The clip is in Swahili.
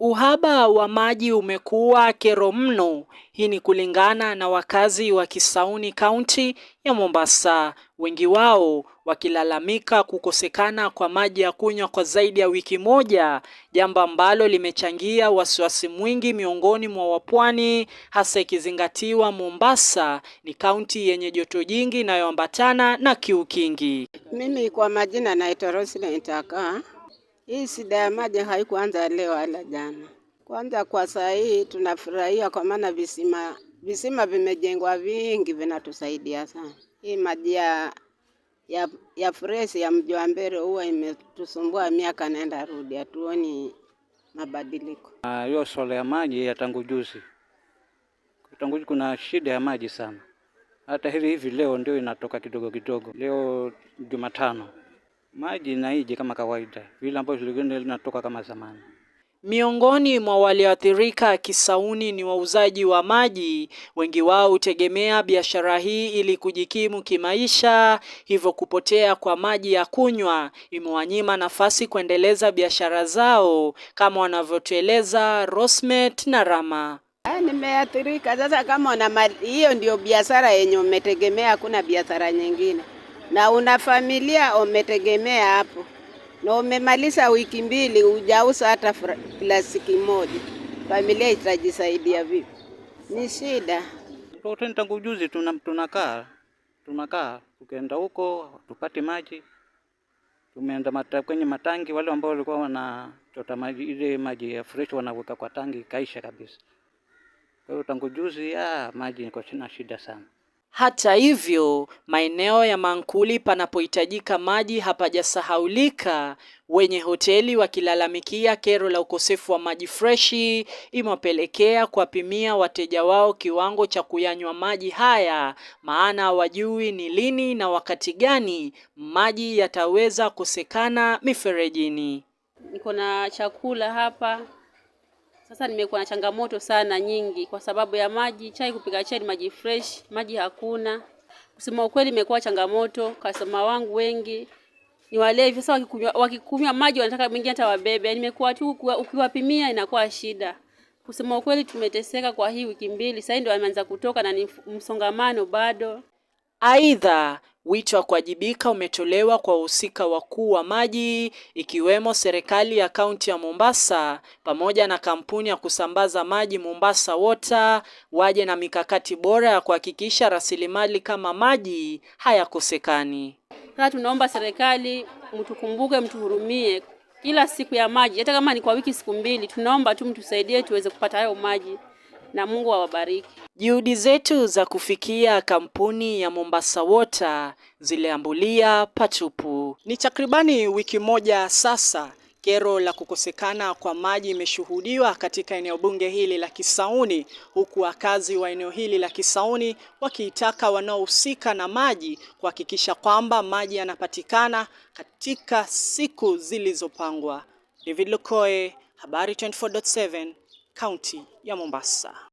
Uhaba wa maji umekuwa kero mno. Hii ni kulingana na wakazi wa Kisauni kaunti ya Mombasa, wengi wao wakilalamika kukosekana kwa maji ya kunywa kwa zaidi ya wiki moja, jambo ambalo limechangia wasiwasi mwingi miongoni mwa wapwani, hasa ikizingatiwa Mombasa ni kaunti yenye joto jingi inayoambatana na kiu kingi. Mimi kwa majina naitwa Rosina Intaka hii shida ya maji haikuanza leo wala jana. Kwanza kwa saa hii tunafurahia kwa maana visima visima vimejengwa vingi, vinatusaidia sana. Hii maji ya ya, ya freshi ya mji wa Mbere huwa imetusumbua miaka naenda rudi, hatuoni mabadiliko. Ah, hiyo swala ya maji ya tangu juzi, tangu juzi kuna shida ya maji sana, hata hivi hivi leo ndio inatoka kidogo kidogo. Leo Jumatano maji na iji kama kawaida vile ambavyo vilikwenda linatoka kama zamani. Miongoni mwa walioathirika Kisauni ni wauzaji wa maji. Wengi wao hutegemea biashara hii ili kujikimu kimaisha, hivyo kupotea kwa maji ya kunywa imewanyima nafasi kuendeleza biashara zao, kama wanavyotueleza Rosmet na Rama. Ah, nimeathirika sasa, kama hiyo ndio biashara yenye umetegemea, hakuna biashara nyingine na una familia umetegemea hapo, na umemaliza wiki mbili hujauza hata plastiki moja, familia itajisaidia vipi? Ni shida. Toteni tangu juzi tunakaa tunakaa, tukaenda huko tupate maji, tumeenda mata, kwenye matangi. Wale ambao walikuwa wanachota maji, ile maji ya fresh wanaweka kwa tangi, kaisha kabisa. Kwa hiyo tangu juzi ah, maji niko na shida sana. Hata hivyo, maeneo ya mankuli panapohitajika maji hapajasahaulika, wenye hoteli wakilalamikia kero la ukosefu wa maji freshi imewapelekea kuwapimia wateja wao kiwango cha kuyanywa maji haya, maana wajui ni lini na wakati gani maji yataweza kosekana miferejini. Niko na chakula hapa sasa nimekuwa na changamoto sana nyingi kwa sababu ya maji. Chai kupika chai ni maji fresh, maji hakuna. Kusema ukweli, imekuwa changamoto. Customer wangu wengi ni walevi. Sasa wakikunywa wakikunywa maji wanataka mwingine hata wabebe. Nimekuwa tu ukiwapimia inakuwa shida. Kusema ukweli, tumeteseka kwa hii wiki mbili. Sasa ndio wameanza kutoka na ni msongamano bado. Aidha, wito wa kuwajibika umetolewa kwa wahusika wakuu wa maji ikiwemo serikali ya kaunti ya Mombasa pamoja na kampuni ya kusambaza maji Mombasa Water, waje na mikakati bora ya kuhakikisha rasilimali kama maji hayakosekani. Sasa tunaomba serikali mtukumbuke, mtuhurumie. Kila siku ya maji, hata kama ni kwa wiki siku mbili, tunaomba tu mtusaidie tuweze kupata hayo maji na Mungu awabariki. Juhudi zetu za kufikia kampuni ya Mombasa Water ziliambulia patupu. Ni takribani wiki moja sasa kero la kukosekana kwa maji imeshuhudiwa katika eneo bunge hili la Kisauni, huku wakazi wa eneo hili la Kisauni wakiitaka wanaohusika na maji kuhakikisha kwamba maji yanapatikana katika siku zilizopangwa. David Lukoe, Habari 24.7 kaunti ya Mombasa.